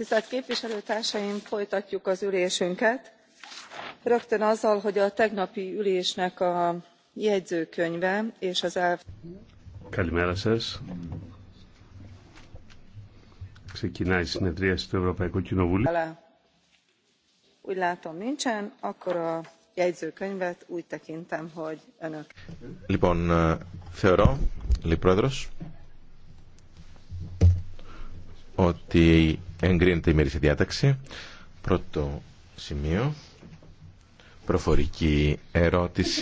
tisztelt képviselőtársaim folytatjuk az ülésünket rögtön azzal hogy a tegnapi ülésnek a jegyzőkönyve és az el. σας. úgy látom nincsen, akkor a jegyzőkönyvet úgy tekintem, hogy önök. Λοιπόν, Εγκρίνεται η μέρη διάταξη. Πρώτο σημείο. Προφορική ερώτηση.